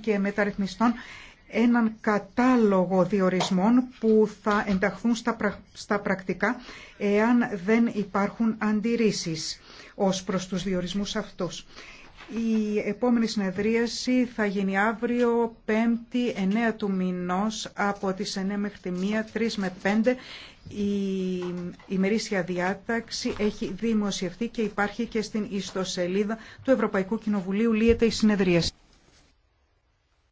και μεταρρυθμιστών έναν κατάλογο διορισμών που θα ενταχθούν στα, στα πρακτικά εάν δεν υπάρχουν αντιρρήσεις ως προς τους διορισμούς αυτούς. Η επόμενη συνεδρίαση θα γίνει αύριο 5η 9 του μηνός από τις 9 μέχρι τη 1, 3 με 5. Η ημερήσια διάταξη έχει δημοσιευτεί και υπάρχει και στην ιστοσελίδα του Ευρωπαϊκού Κοινοβουλίου λύεται η συνεδρίαση.